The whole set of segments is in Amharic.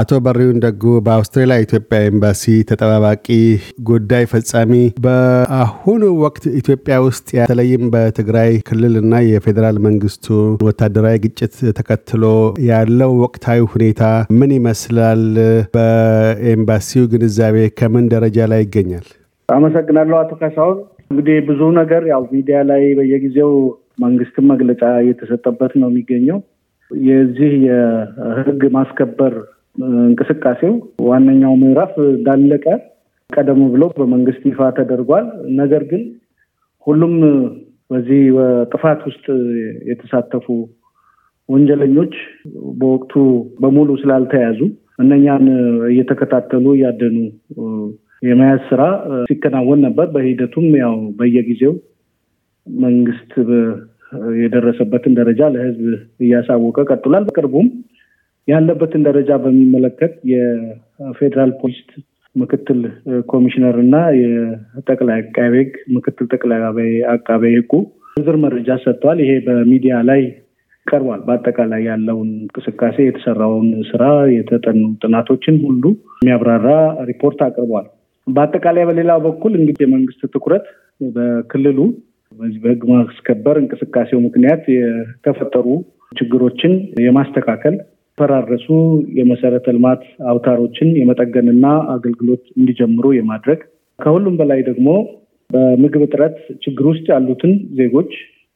አቶ በሪውን ደጉ በአውስትሬልያ ኢትዮጵያ ኤምባሲ ተጠባባቂ ጉዳይ ፈጻሚ፣ በአሁኑ ወቅት ኢትዮጵያ ውስጥ በተለይም በትግራይ ክልል እና የፌዴራል መንግስቱ ወታደራዊ ግጭት ተከትሎ ያለው ወቅታዊ ሁኔታ ምን ይመስላል? በኤምባሲው ግንዛቤ ከምን ደረጃ ላይ ይገኛል? አመሰግናለሁ አቶ ካሳሁን። እንግዲህ ብዙ ነገር ያው ሚዲያ ላይ በየጊዜው መንግስትም መግለጫ እየተሰጠበት ነው የሚገኘው የዚህ የህግ ማስከበር እንቅስቃሴው ዋነኛው ምዕራፍ እንዳለቀ ቀደም ብሎ በመንግስት ይፋ ተደርጓል። ነገር ግን ሁሉም በዚህ ጥፋት ውስጥ የተሳተፉ ወንጀለኞች በወቅቱ በሙሉ ስላልተያዙ እነኛን እየተከታተሉ እያደኑ የመያዝ ስራ ሲከናወን ነበር። በሂደቱም ያው በየጊዜው መንግስት የደረሰበትን ደረጃ ለህዝብ እያሳወቀ ቀጥሏል። በቅርቡም ያለበትን ደረጃ በሚመለከት የፌዴራል ፖሊስ ምክትል ኮሚሽነር እና የጠቅላይ አቃቤ ሕግ ምክትል ጠቅላይ አቃቤ ሕጉ ዝርዝር መረጃ ሰጥተዋል። ይሄ በሚዲያ ላይ ቀርቧል። በአጠቃላይ ያለውን እንቅስቃሴ፣ የተሰራውን ስራ፣ የተጠኑ ጥናቶችን ሁሉ የሚያብራራ ሪፖርት አቅርቧል። በአጠቃላይ በሌላ በኩል እንግዲህ የመንግስት ትኩረት በክልሉ በዚህ በህግ ማስከበር እንቅስቃሴው ምክንያት የተፈጠሩ ችግሮችን የማስተካከል ፈራረሱ የመሰረተ ልማት አውታሮችን የመጠገንና አገልግሎት እንዲጀምሩ የማድረግ ከሁሉም በላይ ደግሞ በምግብ እጥረት ችግር ውስጥ ያሉትን ዜጎች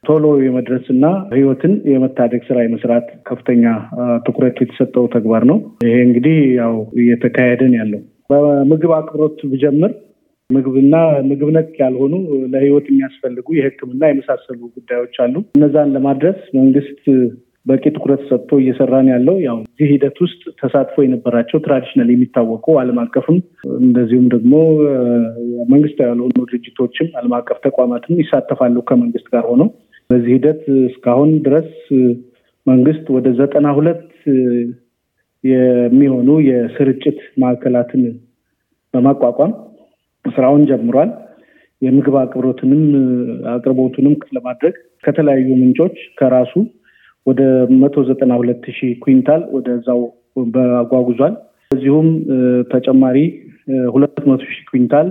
ቶሎ የመድረስና ህይወትን የመታደግ ስራ የመስራት ከፍተኛ ትኩረት የተሰጠው ተግባር ነው። ይሄ እንግዲህ ያው እየተካሄደን ያለው በምግብ አቅርቦት ብጀምር ምግብና ምግብ ነክ ያልሆኑ ለህይወት የሚያስፈልጉ የህክምና የመሳሰሉ ጉዳዮች አሉ። እነዛን ለማድረስ መንግስት በቂ ትኩረት ሰጥቶ እየሰራን ያለው ያው እዚህ ሂደት ውስጥ ተሳትፎ የነበራቸው ትራዲሽናል የሚታወቁ ዓለም አቀፍም እንደዚሁም ደግሞ መንግስት ያልሆኑ ድርጅቶችም ዓለም አቀፍ ተቋማትም ይሳተፋሉ ከመንግስት ጋር ሆነው በዚህ ሂደት እስካሁን ድረስ መንግስት ወደ ዘጠና ሁለት የሚሆኑ የስርጭት ማዕከላትን በማቋቋም ስራውን ጀምሯል። የምግብ አቅርቦትንም አቅርቦቱንም ለማድረግ ከተለያዩ ምንጮች ከራሱ ወደ መቶ ዘጠና ሁለት ሺህ ኩንታል ወደዛው በጓጉዟል። እዚሁም ተጨማሪ ሁለት መቶ ሺህ ኩንታል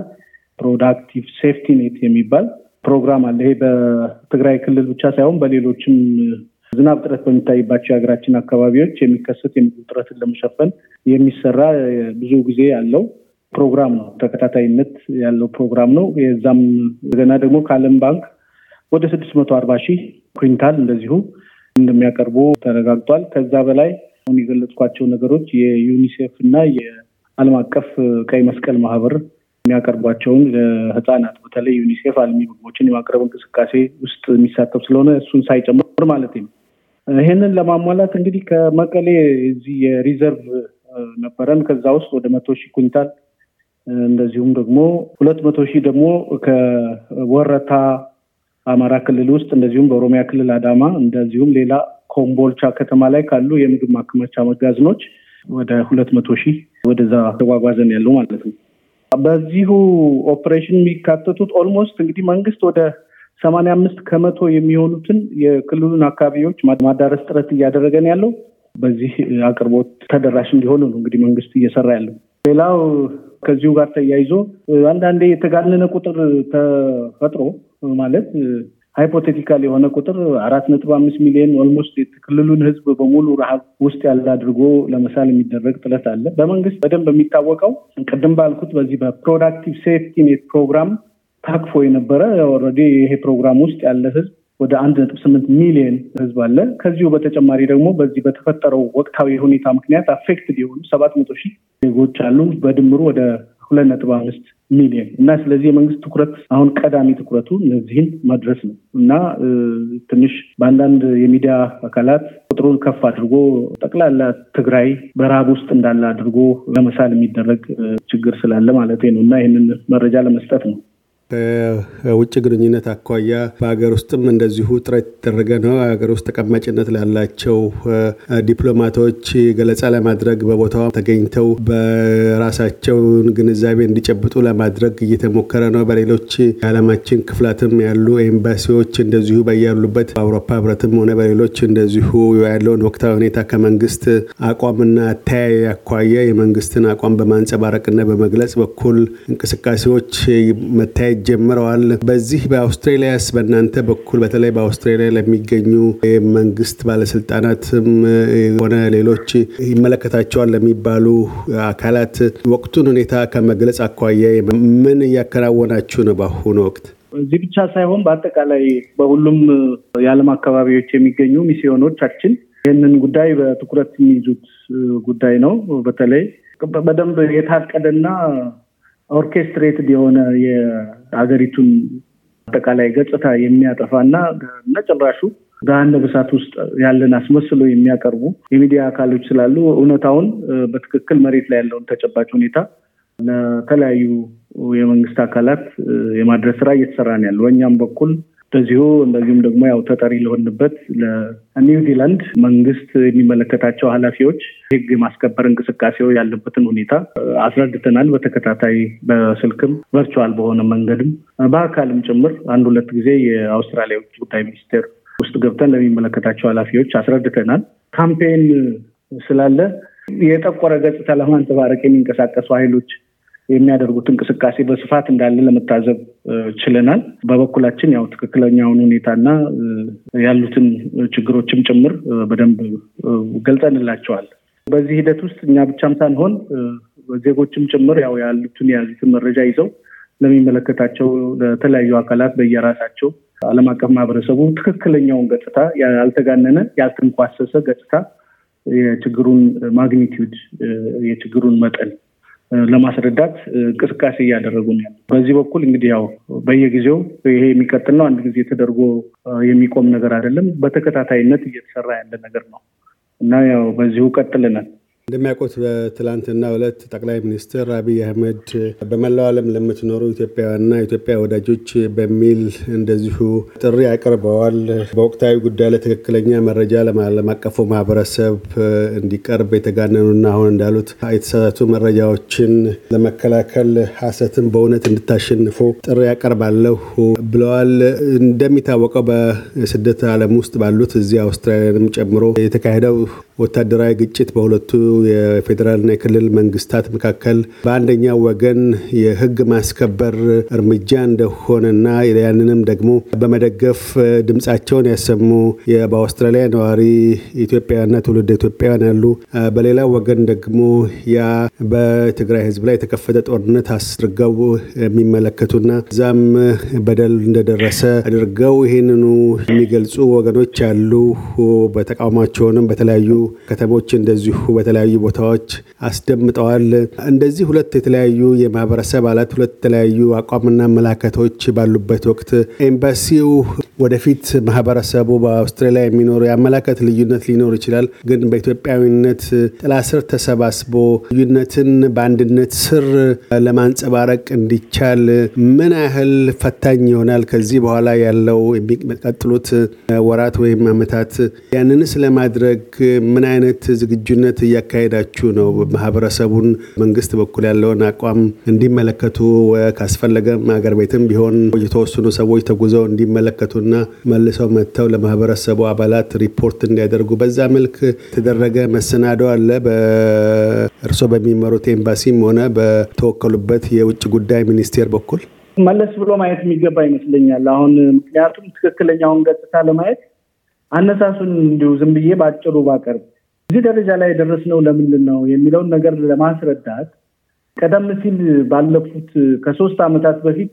ፕሮዳክቲቭ ሴፍቲ ኔት የሚባል ፕሮግራም አለ። ይሄ በትግራይ ክልል ብቻ ሳይሆን በሌሎችም ዝናብ እጥረት በሚታይባቸው የሀገራችን አካባቢዎች የሚከሰት የምግብ እጥረትን ለመሸፈን የሚሰራ ብዙ ጊዜ ያለው ፕሮግራም ነው። ተከታታይነት ያለው ፕሮግራም ነው። የዛም ገና ደግሞ ከዓለም ባንክ ወደ ስድስት መቶ አርባ ሺህ ኩንታል እንደዚሁ እንደሚያቀርቡ ተረጋግጧል። ከዛ በላይ አሁን የገለጽኳቸው ነገሮች የዩኒሴፍ እና የዓለም አቀፍ ቀይ መስቀል ማህበር የሚያቀርቧቸውን ለህፃናት በተለይ ዩኒሴፍ አልሚ ምግቦችን የማቅረብ እንቅስቃሴ ውስጥ የሚሳተፍ ስለሆነ እሱን ሳይጨምር ማለት ነው። ይህንን ለማሟላት እንግዲህ ከመቀሌ እዚህ የሪዘርቭ ነበረን። ከዛ ውስጥ ወደ መቶ ሺህ ኩንታል እንደዚሁም ደግሞ ሁለት መቶ ሺህ ደግሞ ከወረታ በአማራ ክልል ውስጥ እንደዚሁም በኦሮሚያ ክልል አዳማ፣ እንደዚሁም ሌላ ኮምቦልቻ ከተማ ላይ ካሉ የምግብ ማከማቻ መጋዘኖች ወደ ሁለት መቶ ሺህ ወደዛ ተጓጓዘን ያለው ማለት ነው። በዚሁ ኦፕሬሽን የሚካተቱት ኦልሞስት እንግዲህ መንግስት ወደ ሰማንያ አምስት ከመቶ የሚሆኑትን የክልሉን አካባቢዎች ማዳረስ ጥረት እያደረገን ያለው በዚህ አቅርቦት ተደራሽ እንዲሆኑ ነው። እንግዲህ መንግስት እየሰራ ያለው ሌላው ከዚሁ ጋር ተያይዞ አንዳንዴ የተጋነነ ቁጥር ተፈጥሮ ማለት ሃይፖቴቲካል የሆነ ቁጥር አራት ነጥብ አምስት ሚሊዮን ኦልሞስት የክልሉን ህዝብ በሙሉ ረሃብ ውስጥ ያለ አድርጎ ለመሳል የሚደረግ ጥረት አለ። በመንግስት በደንብ የሚታወቀው ቅድም ባልኩት በዚህ በፕሮዳክቲቭ ሴፍቲ ኔት ፕሮግራም ታክፎ የነበረ ኦልሬዲ ይሄ ፕሮግራም ውስጥ ያለ ህዝብ ወደ አንድ ነጥብ ስምንት ሚሊዮን ህዝብ አለ። ከዚሁ በተጨማሪ ደግሞ በዚህ በተፈጠረው ወቅታዊ ሁኔታ ምክንያት አፌክትድ የሆኑ ሰባት መቶ ሺህ ዜጎች አሉ። በድምሩ ወደ ሁለት ነጥብ አምስት ሚሊዮን እና ስለዚህ የመንግስት ትኩረት አሁን ቀዳሚ ትኩረቱ እነዚህን መድረስ ነው እና ትንሽ በአንዳንድ የሚዲያ አካላት ቁጥሩን ከፍ አድርጎ ጠቅላላ ትግራይ በረሃብ ውስጥ እንዳለ አድርጎ ለመሳል የሚደረግ ችግር ስላለ ማለት ነው እና ይህንን መረጃ ለመስጠት ነው። በውጭ ግንኙነት አኳያ በሀገር ውስጥም እንደዚሁ ጥረት የተደረገ ነው። ሀገር ውስጥ ተቀማጭነት ላላቸው ዲፕሎማቶች ገለጻ ለማድረግ በቦታው ተገኝተው በራሳቸውን ግንዛቤ እንዲጨብጡ ለማድረግ እየተሞከረ ነው። በሌሎች የዓለማችን ክፍላትም ያሉ ኤምባሲዎች እንደዚሁ በያሉበት በአውሮፓ ህብረትም ሆነ በሌሎች እንደዚሁ ያለውን ወቅታዊ ሁኔታ ከመንግስት አቋምና አተያይ አኳያ የመንግስትን አቋም በማንጸባረቅና በመግለጽ በኩል እንቅስቃሴዎች መታየ መዘጋጀት ጀምረዋል። በዚህ በአውስትሬሊያስ በእናንተ በኩል በተለይ በአውስትራሊያ ለሚገኙ መንግስት ባለስልጣናትም ሆነ ሌሎች ይመለከታቸዋል ለሚባሉ አካላት ወቅቱን ሁኔታ ከመግለጽ አኳያ ምን እያከናወናችሁ ነው በአሁኑ ወቅት? እዚህ ብቻ ሳይሆን በአጠቃላይ በሁሉም የዓለም አካባቢዎች የሚገኙ ሚስዮኖቻችን ይህንን ጉዳይ በትኩረት የሚይዙት ጉዳይ ነው። በተለይ በደንብ የታቀደና ኦርኬስትሬትድ የሆነ የሀገሪቱን አጠቃላይ ገጽታ የሚያጠፋ እና ነጭራሹ በአንድ እሳት ውስጥ ያለን አስመስሎ የሚያቀርቡ የሚዲያ አካሎች ስላሉ እውነታውን በትክክል መሬት ላይ ያለውን ተጨባጭ ሁኔታ ለተለያዩ የመንግስት አካላት የማድረስ ስራ እየተሰራ ነው ያለው። በእኛም በኩል በዚሁ እንደዚሁም ደግሞ ያው ተጠሪ ለሆንበት ለኒውዚላንድ መንግስት የሚመለከታቸው ኃላፊዎች ህግ የማስከበር እንቅስቃሴው ያለበትን ሁኔታ አስረድተናል። በተከታታይ በስልክም ቨርቹዋል በሆነ መንገድም በአካልም ጭምር አንድ ሁለት ጊዜ የአውስትራሊያ ውጭ ጉዳይ ሚኒስቴር ውስጥ ገብተን ለሚመለከታቸው ኃላፊዎች አስረድተናል። ካምፔን ስላለ የጠቆረ ገጽታ ለማንጸባረቅ የሚንቀሳቀሱ ኃይሎች የሚያደርጉት እንቅስቃሴ በስፋት እንዳለ ለመታዘብ ችለናል። በበኩላችን ያው ትክክለኛውን ሁኔታና ያሉትን ችግሮችም ጭምር በደንብ ገልጸንላቸዋል። በዚህ ሂደት ውስጥ እኛ ብቻም ሳንሆን ዜጎችም ጭምር ያው ያሉትን የያዙትን መረጃ ይዘው ለሚመለከታቸው ለተለያዩ አካላት በየራሳቸው ዓለም አቀፍ ማህበረሰቡ ትክክለኛውን ገጽታ ያልተጋነነ ያልተንኳሰሰ ገጽታ የችግሩን ማግኒቲዩድ የችግሩን መጠን ለማስረዳት እንቅስቃሴ እያደረጉ ነው። በዚህ በኩል እንግዲህ ያው በየጊዜው ይሄ የሚቀጥል ነው። አንድ ጊዜ ተደርጎ የሚቆም ነገር አይደለም። በተከታታይነት እየተሰራ ያለ ነገር ነው እና ያው በዚሁ ቀጥልናል። እንደሚያውቁት በትላንትና ዕለት ጠቅላይ ሚኒስትር አብይ አህመድ በመላው ዓለም ለምትኖሩ ኢትዮጵያውያንና ኢትዮጵያ ወዳጆች በሚል እንደዚሁ ጥሪ አቅርበዋል። በወቅታዊ ጉዳይ ላይ ትክክለኛ መረጃ ለዓለም አቀፉ ማህበረሰብ እንዲቀርብ የተጋነኑና አሁን እንዳሉት የተሳሳቱ መረጃዎችን ለመከላከል ሐሰትን በእውነት እንድታሸንፉ ጥሪ አቀርባለሁ ብለዋል። እንደሚታወቀው በስደት ዓለም ውስጥ ባሉት እዚህ አውስትራሊያንም ጨምሮ የተካሄደው ወታደራዊ ግጭት በሁለቱ የፌዴራልና የክልል መንግስታት መካከል በአንደኛው ወገን የህግ ማስከበር እርምጃ እንደሆነና ያንንም ደግሞ በመደገፍ ድምፃቸውን ያሰሙ በአውስትራሊያ ነዋሪ ኢትዮጵያና ትውልድ ኢትዮጵያውያን ያሉ፣ በሌላ ወገን ደግሞ ያ በትግራይ ህዝብ ላይ የተከፈተ ጦርነት አስድርገው የሚመለከቱና እዛም በደል እንደደረሰ አድርገው ይህንኑ የሚገልጹ ወገኖች አሉ። በተቃውሟቸውንም በተለያዩ ከተሞች እንደዚሁ በተለያዩ ቦታዎች አስደምጠዋል። እንደዚህ ሁለት የተለያዩ የማህበረሰብ አላት ሁለት የተለያዩ አቋምና መላከቶች ባሉበት ወቅት ኤምባሲው ወደፊት ማህበረሰቡ በአውስትራሊያ የሚኖሩ የአመላከት ልዩነት ሊኖር ይችላል። ግን በኢትዮጵያዊነት ጥላ ስር ተሰባስቦ ልዩነትን በአንድነት ስር ለማንጸባረቅ እንዲቻል ምን ያህል ፈታኝ ይሆናል? ከዚህ በኋላ ያለው የሚቀጥሉት ወራት ወይም አመታት ያንንስ ለማድረግ ምን አይነት ዝግጁነት እያካሄዳችሁ ነው? ማህበረሰቡን መንግስት በኩል ያለውን አቋም እንዲመለከቱ ካስፈለገም ሀገር ቤትም ቢሆን የተወሰኑ ሰዎች ተጉዘው እንዲመለከቱ እና መልሰው መጥተው ለማህበረሰቡ አባላት ሪፖርት እንዲያደርጉ በዛ መልክ የተደረገ መሰናዶ አለ። በእርሶ በሚመሩት ኤምባሲም ሆነ በተወከሉበት የውጭ ጉዳይ ሚኒስቴር በኩል መለስ ብሎ ማየት የሚገባ ይመስለኛል። አሁን ምክንያቱም ትክክለኛውን ገጽታ ለማየት አነሳሱን እንዲሁ ዝም ብዬ በአጭሩ ባቀርብ እዚህ ደረጃ ላይ የደረስነው ለምንድን ነው የሚለውን ነገር ለማስረዳት ቀደም ሲል ባለፉት ከሶስት ዓመታት በፊት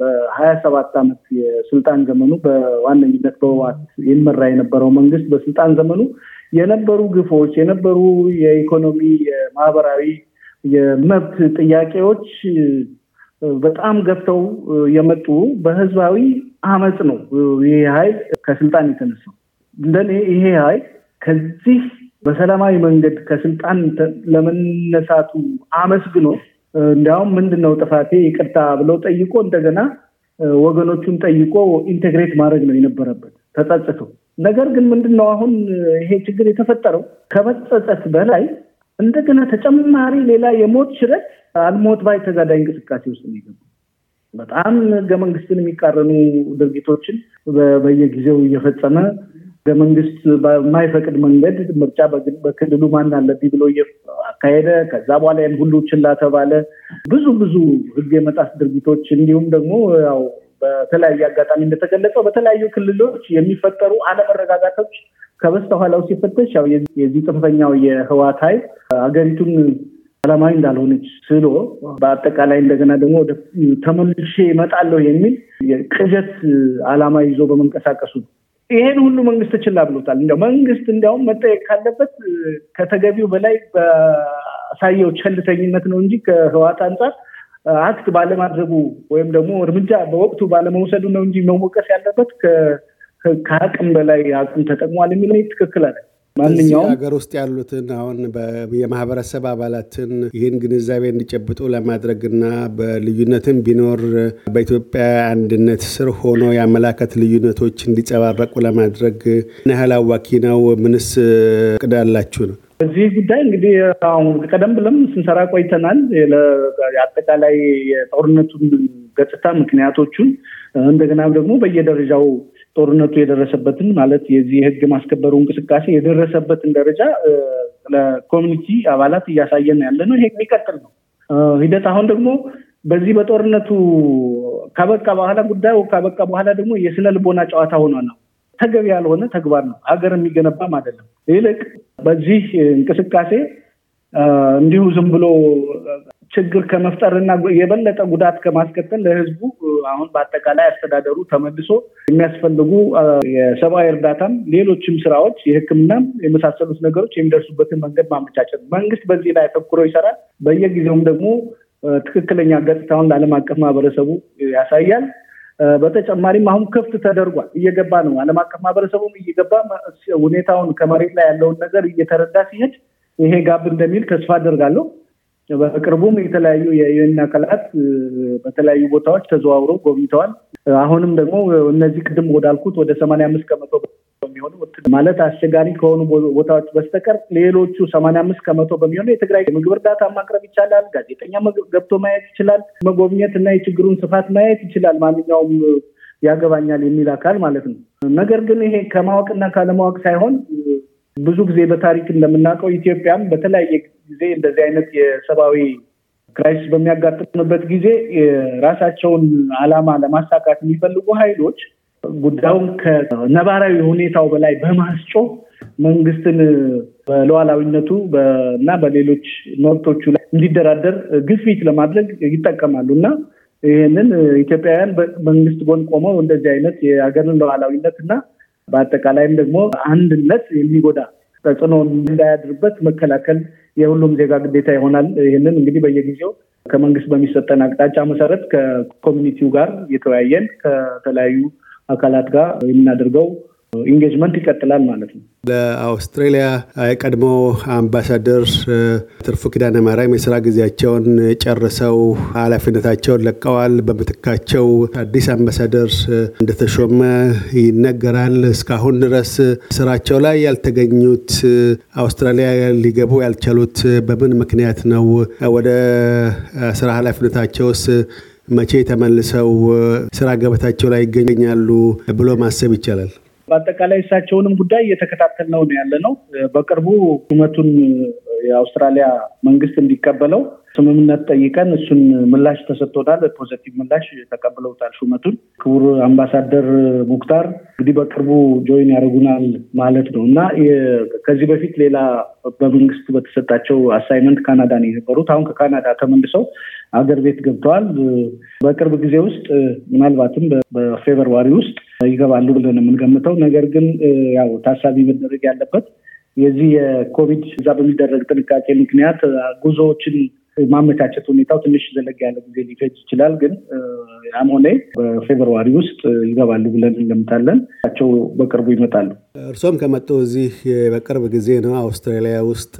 በሀያ ሰባት ዓመት የስልጣን ዘመኑ በዋነኝነት በህወሓት ይመራ የነበረው መንግስት በስልጣን ዘመኑ የነበሩ ግፎች የነበሩ የኢኮኖሚ፣ የማህበራዊ፣ የመብት ጥያቄዎች በጣም ገፍተው የመጡ በህዝባዊ አመፅ ነው ይሄ ሀይል ከስልጣን የተነሳው። እንደኔ ይሄ ሀይል ከዚህ በሰላማዊ መንገድ ከስልጣን ለመነሳቱ አመስግኖ እንዲያውም ምንድን ነው ጥፋቴ ይቅርታ ብለው ጠይቆ እንደገና ወገኖቹን ጠይቆ ኢንቴግሬት ማድረግ ነው የነበረበት ተጸጽቶ። ነገር ግን ምንድን ነው አሁን ይሄ ችግር የተፈጠረው ከመጸጸት በላይ እንደገና ተጨማሪ ሌላ የሞት ሽረት አልሞት ባይ ተጋዳይ እንቅስቃሴ ውስጥ የሚገቡ በጣም ህገ መንግስትን የሚቃረኑ ድርጊቶችን በየጊዜው እየፈጸመ በመንግስት በማይፈቅድ መንገድ ምርጫ በክልሉ ማን አለብኝ ብሎ አካሄደ። ከዛ በኋላ ይህን ሁሉ ችላ ተባለ። ብዙ ብዙ ህግ የመጣስ ድርጊቶች እንዲሁም ደግሞ ያው በተለያየ አጋጣሚ እንደተገለጸው በተለያዩ ክልሎች የሚፈጠሩ አለመረጋጋቶች ከበስተኋላው ሲፈተሽ ያው የዚህ ጽንፈኛው የህወሓት ኃይል ሀገሪቱን ሰላማዊ እንዳልሆነች ስሎ በአጠቃላይ እንደገና ደግሞ ተመልሼ ይመጣለሁ የሚል ቅዠት አላማ ይዞ በመንቀሳቀሱ ይሄን ሁሉ መንግስት ችላ ብሎታል። እንዲያው መንግስት እንዲያውም መጠየቅ ካለበት ከተገቢው በላይ በሳየው ቸልተኝነት ነው እንጂ ከህዋት አንጻር አክት ባለማድረጉ ወይም ደግሞ እርምጃ በወቅቱ ባለመውሰዱ ነው እንጂ መወቀስ ያለበት ከአቅም በላይ አቅም ተጠቅሟል የሚለው ትክክል አለ። ማንኛውም ሀገር ውስጥ ያሉትን አሁን የማህበረሰብ አባላትን ይህን ግንዛቤ እንዲጨብጡ ለማድረግና በልዩነትም ቢኖር በኢትዮጵያ አንድነት ስር ሆኖ የአመላከት ልዩነቶች እንዲጸባረቁ ለማድረግ ምን ያህል አዋኪ ነው? ምንስ እቅድ አላችሁ ነው? በዚህ ጉዳይ እንግዲህ አሁን ቀደም ብለም ስንሰራ ቆይተናል። አጠቃላይ የጦርነቱን ገጽታ ምክንያቶቹን እንደገና ደግሞ በየደረጃው ጦርነቱ የደረሰበትን ማለት የዚህ የህግ ማስከበሩ እንቅስቃሴ የደረሰበትን ደረጃ ለኮሚኒቲ አባላት እያሳየን ያለ ነው። ይሄ የሚቀጥል ነው ሂደት። አሁን ደግሞ በዚህ በጦርነቱ ካበቃ በኋላ ጉዳዩ ካበቃ በኋላ ደግሞ የስነ ልቦና ጨዋታ ሆኖ ነው ተገቢ ያልሆነ ተግባር ነው። ሀገር የሚገነባም አይደለም። ይልቅ በዚህ እንቅስቃሴ እንዲሁ ዝም ብሎ ችግር ከመፍጠርና የበለጠ ጉዳት ከማስከተል ለህዝቡ አሁን በአጠቃላይ አስተዳደሩ ተመልሶ የሚያስፈልጉ የሰብአዊ እርዳታም ሌሎችም ስራዎች የህክምናም የመሳሰሉት ነገሮች የሚደርሱበትን መንገድ ማመቻቸት መንግስት በዚህ ላይ ተኩሮ ይሰራል። በየጊዜውም ደግሞ ትክክለኛ ገጽታውን ለዓለም አቀፍ ማህበረሰቡ ያሳያል። በተጨማሪም አሁን ክፍት ተደርጓል። እየገባ ነው። ዓለም አቀፍ ማህበረሰቡም እየገባ ሁኔታውን ከመሬት ላይ ያለውን ነገር እየተረዳ ሲሄድ ይሄ ጋብ እንደሚል ተስፋ አደርጋለሁ። በቅርቡም የተለያዩ የዩኤን አካላት በተለያዩ ቦታዎች ተዘዋውረው ጎብኝተዋል። አሁንም ደግሞ እነዚህ ቅድም ወዳልኩት ወደ ሰማንያ አምስት ከመቶ በሚሆኑ ማለት አስቸጋሪ ከሆኑ ቦታዎች በስተቀር ሌሎቹ ሰማንያ አምስት ከመቶ በሚሆኑ የትግራይ የምግብ እርዳታ ማቅረብ ይቻላል። ጋዜጠኛ ገብቶ ማየት ይችላል። መጎብኘት እና የችግሩን ስፋት ማየት ይችላል። ማንኛውም ያገባኛል የሚል አካል ማለት ነው። ነገር ግን ይሄ ከማወቅና ካለማወቅ ሳይሆን ብዙ ጊዜ በታሪክ እንደምናውቀው ኢትዮጵያም በተለያየ ጊዜ እንደዚህ አይነት የሰብአዊ ክራይሲስ በሚያጋጥምበት ጊዜ የራሳቸውን አላማ ለማሳካት የሚፈልጉ ኃይሎች ጉዳዩን ከነባራዊ ሁኔታው በላይ በማስጮ መንግስትን በሉዓላዊነቱ እና በሌሎች መብቶቹ ላይ እንዲደራደር ግፊት ለማድረግ ይጠቀማሉ እና ይህንን ኢትዮጵያውያን መንግስት ጎን ቆመው እንደዚህ አይነት የሀገርን ሉዓላዊነት እና በአጠቃላይም ደግሞ አንድነት የሚጎዳ ተጽዕኖ እንዳያድርበት መከላከል የሁሉም ዜጋ ግዴታ ይሆናል። ይህንን እንግዲህ በየጊዜው ከመንግስት በሚሰጠን አቅጣጫ መሰረት ከኮሚኒቲው ጋር እየተወያየን ከተለያዩ አካላት ጋር የምናደርገው ኢንጌጅመንት ይቀጥላል ማለት ነው። ለአውስትሬሊያ የቀድሞ አምባሳደር ትርፉ ኪዳነ ማርያም የስራ ጊዜያቸውን ጨርሰው ኃላፊነታቸውን ለቀዋል። በምትካቸው አዲስ አምባሳደር እንደተሾመ ይነገራል። እስካሁን ድረስ ስራቸው ላይ ያልተገኙት አውስትራሊያ ሊገቡ ያልቻሉት በምን ምክንያት ነው? ወደ ስራ ኃላፊነታቸውስ መቼ ተመልሰው ስራ ገበታቸው ላይ ይገኛሉ ብሎ ማሰብ ይቻላል? በአጠቃላይ እሳቸውንም ጉዳይ እየተከታተል ነው ያለ ነው። በቅርቡ ሹመቱን የአውስትራሊያ መንግስት እንዲቀበለው ስምምነት ጠይቀን እሱን ምላሽ ተሰጥቶታል። ፖዘቲቭ ምላሽ ተቀብለውታል ሹመቱን። ክቡር አምባሳደር ሙክታር እንግዲህ በቅርቡ ጆይን ያደርጉናል ማለት ነው እና ከዚህ በፊት ሌላ በመንግስት በተሰጣቸው አሳይመንት ካናዳ ነው የነበሩት። አሁን ከካናዳ ተመልሰው አገር ቤት ገብተዋል። በቅርብ ጊዜ ውስጥ ምናልባትም በፌብርዋሪ ውስጥ ይገባሉ ብለን የምንገምተው ነገር ግን ያው ታሳቢ መደረግ ያለበት የዚህ የኮቪድ እዛ በሚደረግ ጥንቃቄ ምክንያት ጉዞዎችን ማመቻቸት ሁኔታው ትንሽ ዘለግ ያለ ጊዜ ሊፈጅ ይችላል። ግን ያም ሆነ በፌብርዋሪ ውስጥ ይገባሉ ብለን እንገምታለን። ቸው በቅርቡ ይመጣሉ። እርሶም ከመጡ እዚህ በቅርብ ጊዜ ነው አውስትራሊያ ውስጥ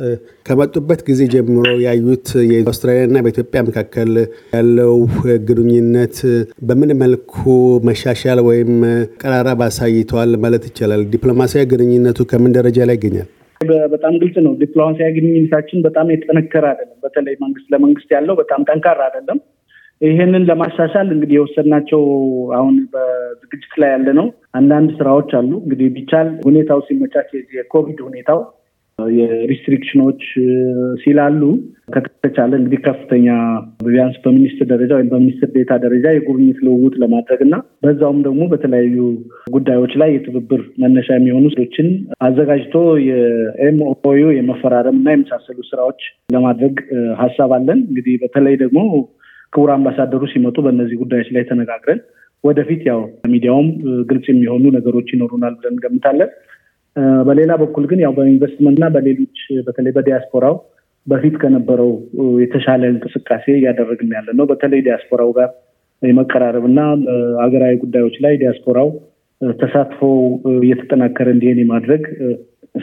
ከመጡበት ጊዜ ጀምሮ ያዩት የአውስትራሊያና በኢትዮጵያ መካከል ያለው ግንኙነት በምን መልኩ መሻሻል ወይም ቀራረብ አሳይተዋል ማለት ይቻላል? ዲፕሎማሲያዊ ግንኙነቱ ከምን ደረጃ ላይ ይገኛል? በጣም ግልጽ ነው። ዲፕሎማሲያዊ ግንኙነታችን በጣም የጠነከረ አይደለም። በተለይ መንግስት ለመንግስት ያለው በጣም ጠንካራ አይደለም። ይህንን ለማሻሻል እንግዲህ የወሰድናቸው አሁን በዝግጅት ላይ ያለ ነው። አንዳንድ ስራዎች አሉ። እንግዲህ ቢቻል ሁኔታው ሲመቻች የኮቪድ ሁኔታው የሪስትሪክሽኖች ሲላሉ ከተቻለ እንግዲህ ከፍተኛ ቢያንስ በሚኒስትር ደረጃ ወይም በሚኒስትር ዴታ ደረጃ የጉብኝት ልውውጥ ለማድረግ እና በዛውም ደግሞ በተለያዩ ጉዳዮች ላይ የትብብር መነሻ የሚሆኑ ስዶችን አዘጋጅቶ የኤምኦዩ የመፈራረም እና የመሳሰሉ ስራዎች ለማድረግ ሀሳብ አለን። እንግዲህ በተለይ ደግሞ ክቡር አምባሳደሩ ሲመጡ በእነዚህ ጉዳዮች ላይ ተነጋግረን ወደፊት ያው ሚዲያውም ግልጽ የሚሆኑ ነገሮች ይኖሩናል ብለን እንገምታለን። በሌላ በኩል ግን ያው በኢንቨስትመንትና በሌሎች በተለይ በዲያስፖራው በፊት ከነበረው የተሻለ እንቅስቃሴ እያደረግን ያለ ነው። በተለይ ዲያስፖራው ጋር የመቀራረብ እና ሀገራዊ ጉዳዮች ላይ ዲያስፖራው ተሳትፎ እየተጠናከረ እንዲሄን የማድረግ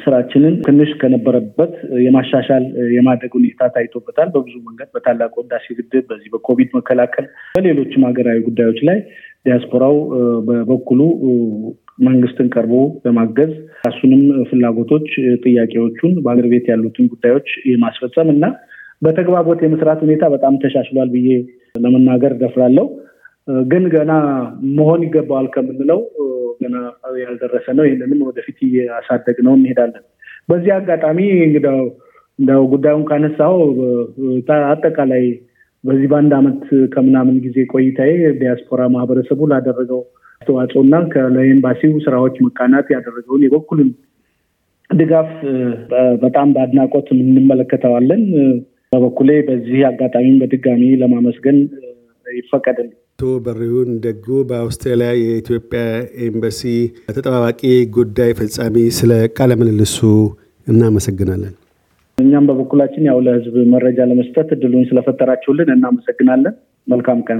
ስራችንን ትንሽ ከነበረበት የማሻሻል የማደግ ሁኔታ ታይቶበታል። በብዙ መንገድ በታላቁ ህዳሴ ግድብ፣ በዚህ በኮቪድ መከላከል፣ በሌሎችም ሀገራዊ ጉዳዮች ላይ ዲያስፖራው በበኩሉ መንግስትን ቀርቦ በማገዝ እሱንም ፍላጎቶች፣ ጥያቄዎቹን በአገር ቤት ያሉትን ጉዳዮች የማስፈጸም እና በተግባቦት የመስራት ሁኔታ በጣም ተሻሽሏል ብዬ ለመናገር ደፍራለሁ። ግን ገና መሆን ይገባዋል ከምንለው ገና ያልደረሰ ነው። ይህንንም ወደፊት እያሳደግ ነው እንሄዳለን። በዚህ አጋጣሚ እንግዲያው እንደው ጉዳዩን ካነሳው አጠቃላይ በዚህ በአንድ አመት ከምናምን ጊዜ ቆይታዬ ዲያስፖራ ማህበረሰቡ ላደረገው አስተዋጽኦና ለኤምባሲው ስራዎች መቃናት ያደረገውን የበኩልን ድጋፍ በጣም በአድናቆት እንመለከተዋለን። በበኩሌ በዚህ አጋጣሚ በድጋሚ ለማመስገን ይፈቀድል። አቶ በሪሁን ደጉ በአውስትራሊያ የኢትዮጵያ ኤምባሲ ተጠባባቂ ጉዳይ ፈጻሚ፣ ስለ ቃለ ምልልሱ እናመሰግናለን። እኛም በበኩላችን ያው ለህዝብ መረጃ ለመስጠት እድሉን ስለፈጠራችሁልን እናመሰግናለን። መልካም ቀን።